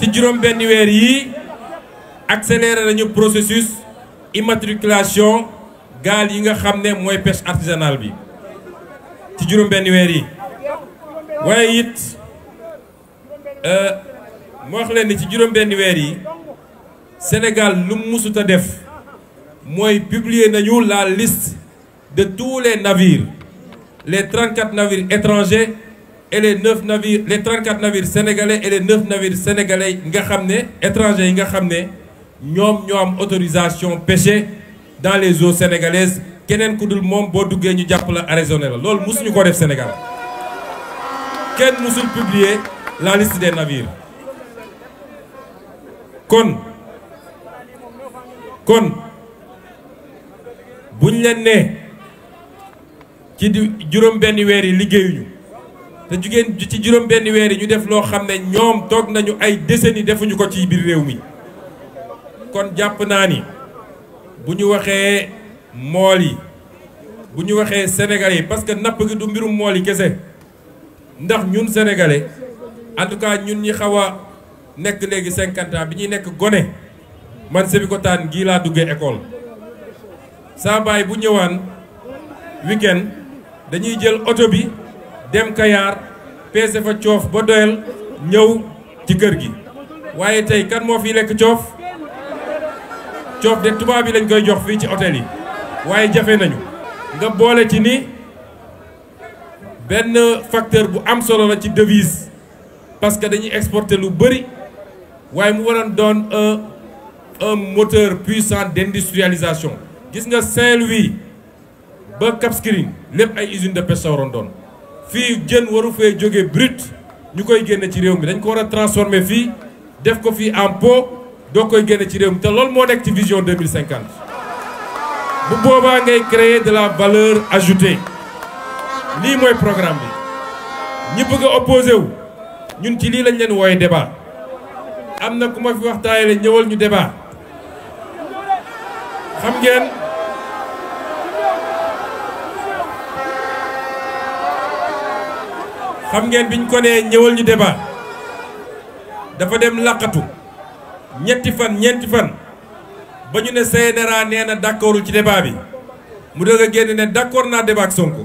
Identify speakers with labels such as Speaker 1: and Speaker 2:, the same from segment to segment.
Speaker 1: ci juróom benn weer yi accéléré nañu processus immatriculation gaal yi nga xam ne mooy pêche artisanale bi ci juróom benn weer yi waaye it euh, moo wax leen ni ci juróom benn weer yi Sénégal lu musuta def mooy publier nañu la liste de tous les navires les 34 navires étrangers et les neuf navires les 34 navires sénégalais et les neuf navires sénégalais nga xam ne étrangers yi nga xam ne ñoom ñoo am autorisation pêcher dans les eaux sénégalaises keneen ku dul moom boo duggee ñu jàpp la arraisonné la loolu mosuñu ko def Sénégal kenn mosul publier la liste des navires kon kon buñ leen ne ci di juróom benn weer yi liggéeyuñu te jugéen ci juróom benn weer yi ñu def loo xam ne ñoom toog nañu ay décennies defuñu ko ci biir réew mi kon jàpp naa ni bu ñu waxee mool yi bu ñu waxee sénégalais yi parce que napp gi du mbirum mool yi kese ndax ñun sénégalais en tout cas ñun ñi xaw a nekk léegi cinquante bi ñuy nekk gone man Sébikotane gii laa duggee école saa bu ñëwaan week dañuy jël oto bi dem Kayaar peese fa coof ba doyal ñëw ci kër gi waaye tey kan moo fi lekk coof coof de tubaab bi lañ koy jox fii ci hôtel yi waaye jafe nañu nga boole ci ni benn facteur bu am solo la ci devise parce que dañuy exporter lu bëri waaye mu waroon doon un un moteur puissant d'industrialisation gis nga Saint-Louis ba Cap Skirring lépp ay usines de pêche la waroon doon fii jën waru fee jóge brut ñu koy génne ci réew mi dañ ko war a transformer fii def ko fii en pot doo koy génne ci réew mi te loolu moo nekk ci vision 2050 bu boobaa ngay créer de la valeur ajouté lii mooy programme bi ñi bëgg a wu ñun ci lii lañ leen wooye débat am na ku ma fi waxtaanee ñëwal ñu débat xam ngeen xam ngeen bi biñ ko nee ñëwal ñu débat dafa dem laqatu ñetti fan ñeenti fan ba ñu ne CNRA nee na d'accordul ci débat bi mu dëgg a génn ne d'accord naa débat ak Sonko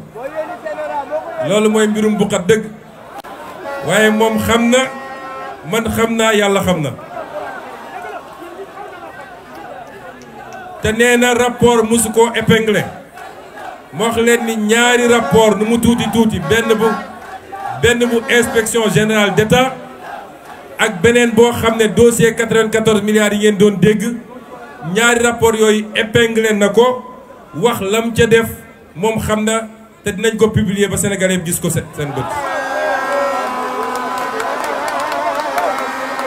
Speaker 1: loolu mooy mbirum buqat dëgg waaye moom xam na man xam naa yàlla xam na te nee na rapport mosu koo épinglé moo wax leen ni ñaari rapport nu mu tuuti tuuti benn bu benn bu inspection générale d'État ak beneen boo xam ne dossier 94 milliards yi ngeen doon dégg ñaari rapport yooyu épinglé na ko wax lam ca def moom xam na te dinañ ko publier ba Sénégalais gis ko seen bët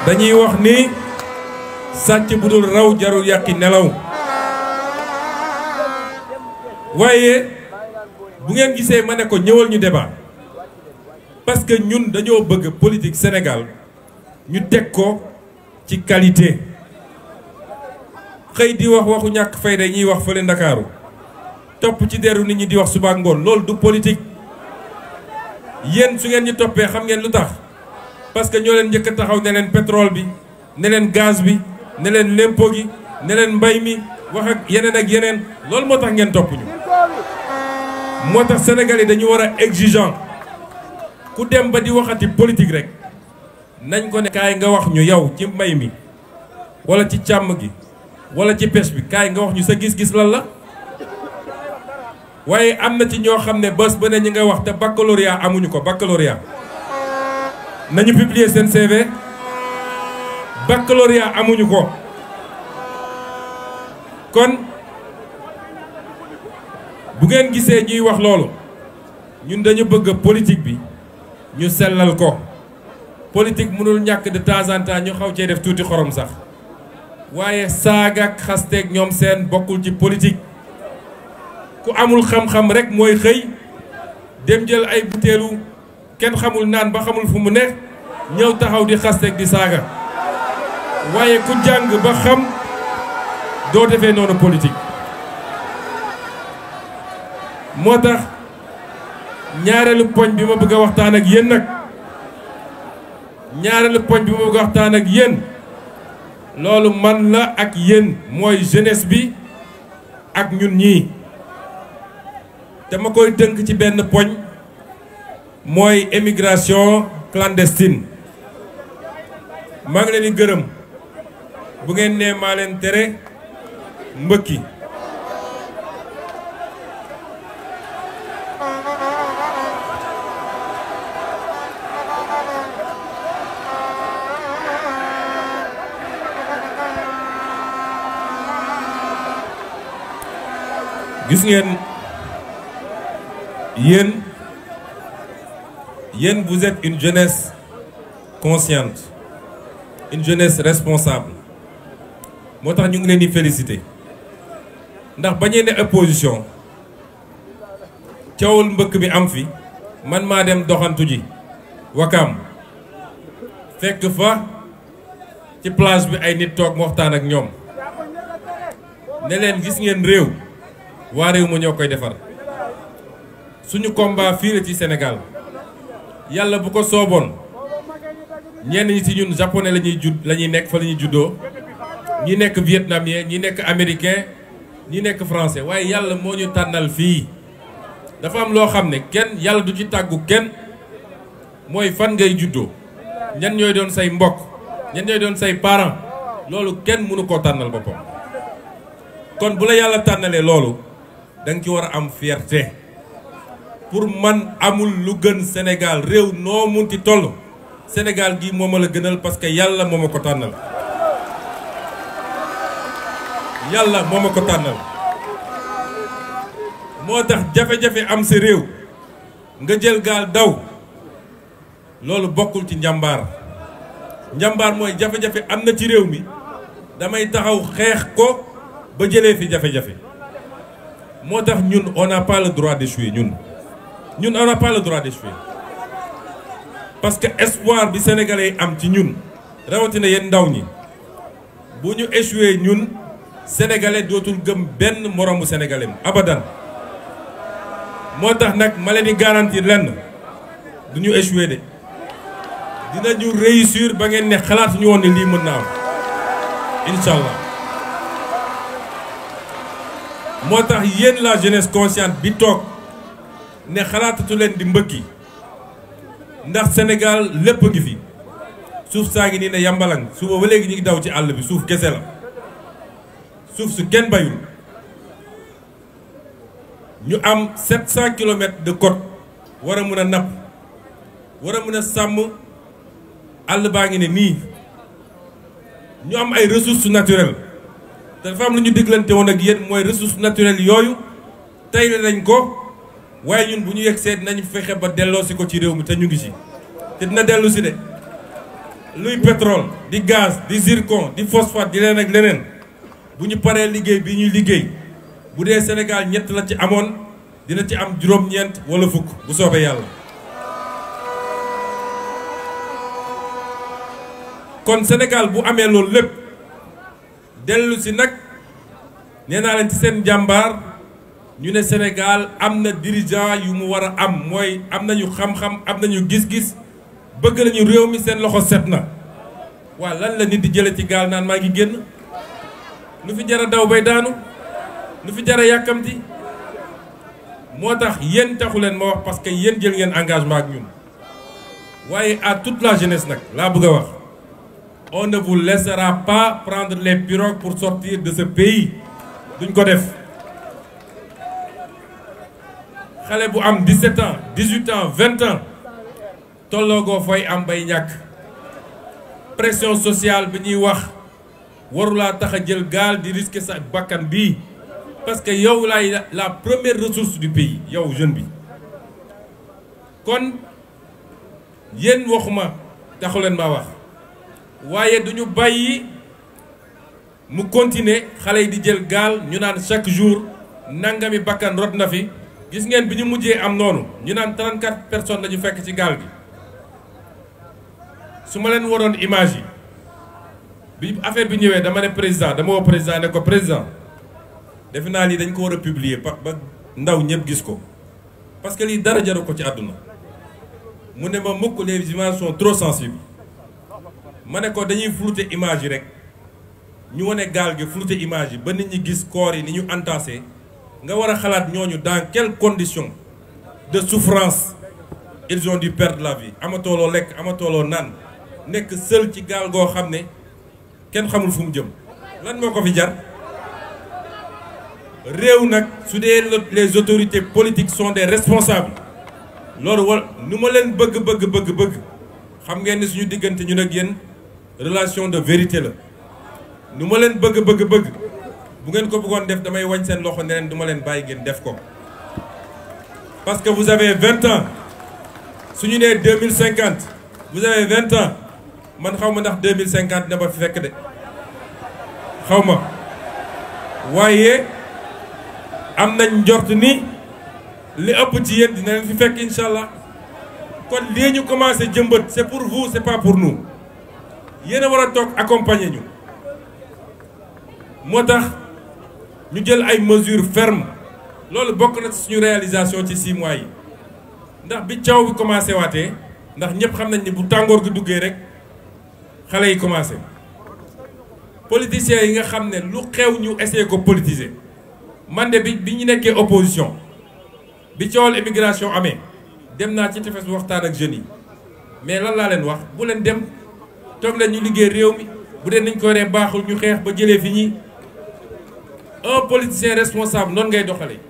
Speaker 1: dañuy wax ni sàcc bu dul raw jarul yàqi nelaw waaye bu ngeen gisee ma ne ko ñëwal ñu débat parce que ñun dañoo bëgg politique Sénégal ñu teg ko ci qualité xëy di wax waxu ñàkk fayda ñuy wax fële ndakaaru topp ci deru nit ñi di wax suba ngoon loolu du politique yéen su ngeen ñu toppee xam ngeen lu tax parce que ñoo leen njëkk a taxaw ne leen pétrole bi ne leen gaz bi ne leen lempo gi ne leen mbay mi wax ak yeneen ak yeneen loolu moo tax ngeen topp ñu moo tax Sénégal yi dañu war a exigeant ku dem ba di waxati politique rek nañ ko ne kaay nga wax ñu yow ci mbay mi walla ci càmm gi wala ci pêche bi kaay nga wax ñu sa gis-gis lan la waaye am na ci ñoo xam ne bés ba ne ñi nga wax te baccalauréat amuñu ko baccalauréat nañu publier seen CV baccalauréat amuñu ko kon bu ngeen gisee ñuy wax loolu ñun dañu bëgg politique bi ñu sellal ko politique mënul ñàkk de temps temps ñu xaw cee def tuuti xorom sax waaye saaga ak xasteeg ñoom seen bokkul ci politique ku amul xam-xam rek mooy xëy dem jël ay butéelu kenn xamul naan ba xamul fu mu ne ñëw taxaw di xasteeg di saaga waaye ku jàng ba xam doo defee noonu politique moo tax ñaareelu poñ bi ma bëgg a waxtaan ak yéen nag ñaareelu poñ bi ma bëgg waxtaan ak yéen loolu man la ak yéen mooy jeunesse bi ak ñun ñii dama koy tënk ci benn poñ mooy émigration clandestine maa ngi leen gërëm bu ngeen nee maa leen tere mbëkki gis ngeen yéen yéen vous êtes une jeunesse consciente une jeunesse moo tax ñu ngi leen di féliciter ndax bañee ne opposition coowul mbëkk bi am fi man maa dem doxantu ji wakaam fekk fa ci plage bi ay nit toog waxtaan ak ñoom ne leen gis ngeen réew waa réew ma ñoo koy defar suñu combat fii la ci Sénégal yàlla bu ko sooboon ñenn ñi ci ñun japonais la ñuy judd la ñuy nekk fa la ñuy juddoo ñi nekk vietnamien ñi nekk américain ñi nekk francais waaye yàlla moo ñu tànnal fii dafa am loo xam ne kenn yàlla du ci tàggu kenn mooy fan ngay juddoo ñan ñooy doon say mbokk ñan ñooy doon say parent loolu kenn mënu koo tànnal boppam kon bu la yàlla tànnalee loolu da nga ci war a am fierte pour man amul lu gën Sénégal réew noo ci toll Sénégal gi moom la gënal parce que yàlla moom ma ko tànnal yàlla moo ma ko tànnal moo tax jafe-jafe am si réew nga jël gaal daw loolu bokkul ci njàmbaar njàmbaar mooy jafe-jafe am na ci réew mi damay taxaw xeex ko ba jëlee fi jafe-jafe moo tax ñun on n'a pas le droit d'échouer ñun ñun on n'a pas le droit d'échouer parce que espoir bi sénégalais yi am ci ñun rawatina yéen ndaw ñi bu ñu échouer ñun sénégalais dootul gëm benn moroomu sénégalais abadan moo tax nag ma leen di garantir lenn du ñu échouer de dinañu réussir ba ngeen ne xalaat ñu woon ne lii mën na am incha allah moo tax yéen la jeunesse consciente bi toog ne xalaatatu leen di mbëkki ndax Sénégal lépp ngi fi suuf saa ngi nii ne yambalang suba ba léegi ñu ngi daw ci àll bi suuf gese la suuf su kenn bayul ñu am 700 kilomètres de code war mën a napp war mën a sàmm àll baa ngi ne nii ñu am ay ressources naturelles dafa am lu ñu diglante woon ak yéen mooy ressources naturelles yooyu tey nañ ko waaye ñun bu ñu yegg seet nañ fexe ba delloosi ko ci réew mi te ñu ngi si te dina dellu si de luy pétrole di gaz di zircon di phosphate di leen ak leneen bu ñu paree liggéey bi ñuy liggéey bu dee senegal ñett la ci amoon dina ci am juróom-ñeent wala fukk bu soobee yàlla kon senegal bu amee loolu lépp dellu si nag nee naa leen ci seen jàmbaar ñu ne Sénégal am na dirigeant yu mu war a am mooy am nañu xam-xam am nañu gis-gis bëgg nañu réew mi seen loxo set na waa lan la nit di jële ci gaal naan maa ngi génn nu fi jara daw bay daanu nu fi jara yàkkamti moo tax yéen taxu leen ma wax parce que yéen jël ngeen engagement ak ñun waaye à tout la jeunesse nag laa bëgg a wax on ne vous laissera pas prendre les pirogues pour sortir de ce pays duñ ko def xale bu am 17 ans 18 ans 20 ans tolloogoo fooy am bay ñàkk pression sociale bi ñuy wax warulaa tax a jël gaal di risquer sa bakkan bi parce que yow laay la première ressource du pays yow jeune bi kon yéen waxuma taxu leen maa wax waaye du ñu bàyyi mu continuer xale yi di jël gaal ñu naan chaque jour nangami bakkan rot na fi gis ngeen bi ñu mujjee am noonu ñu naan 34 personne la ñu fekk ci gaal gi su ma leen waroon image yi bi affaire bi ñëwee dama ne président dama woo président ne ko président defe naa lii dañ ko war a publier ba ndaw ñëpp gis ko parce que lii dara jaru ko ci àdduna mu ne ma mukk les images sont trop sensibles ma ne ko dañuy flouter image yi rek ñu wane gaal gi flouter image yi ba nit ñi gis corps yi ni ñu entassé nga war a xalaat ñooñu dans quelles condition de souffrance ils ont dû la vie amatooloo lekk amatooloo naan nekk sël ci gaal goo xam ne kenn xamul fu mu jëm lan moo ko fi jar réew nag su dee les autorités politiques sont des responsables loolu wal nu ma leen bëgg bëgg bëgg xam ngeen ni suñu diggante ñu ak yenn relation de vérité la nu ma leen bëgg bëgg bëgg bu ngeen ko bëggoon def damay wañ seen loxo ne leen du leen bàyyi ngeen def ko parce que vous avez vingt ans su ñu nee deux mille cinquante vous avez vingt ans man xaw ma ndax deux mille cinquante na ba fi fekk de xaw ma waaye am nañ njort ni li ëpp ci yéen dina leen fi fekk incha allah kon li ñu commencer jëmbët c'est pour vous c'est pas pour nous. yéen war a toog accompagner ñu moo tax ñu jël ay mesures fermes loolu bokk na suñu réalisation ci simois yi ndax bi caw bi commencé waatee ndax ñëpp xam nañ ni bu tàngoor gi duggee rek xale yi commencé politiciens yi nga xam ne lu xew ñu essayé ko politiser man de bi bi ñu nekkee opposition bi coowal immigration amee dem naa ci tefes waxtaan ak jeunes yi mais lan laa leen wax bu leen dem. toog leen ñu liggéey réew mi bu dee nañ ko waree baaxul ñu xeex ba jëlee fi ñi un politicien responsable noonu ngay doxale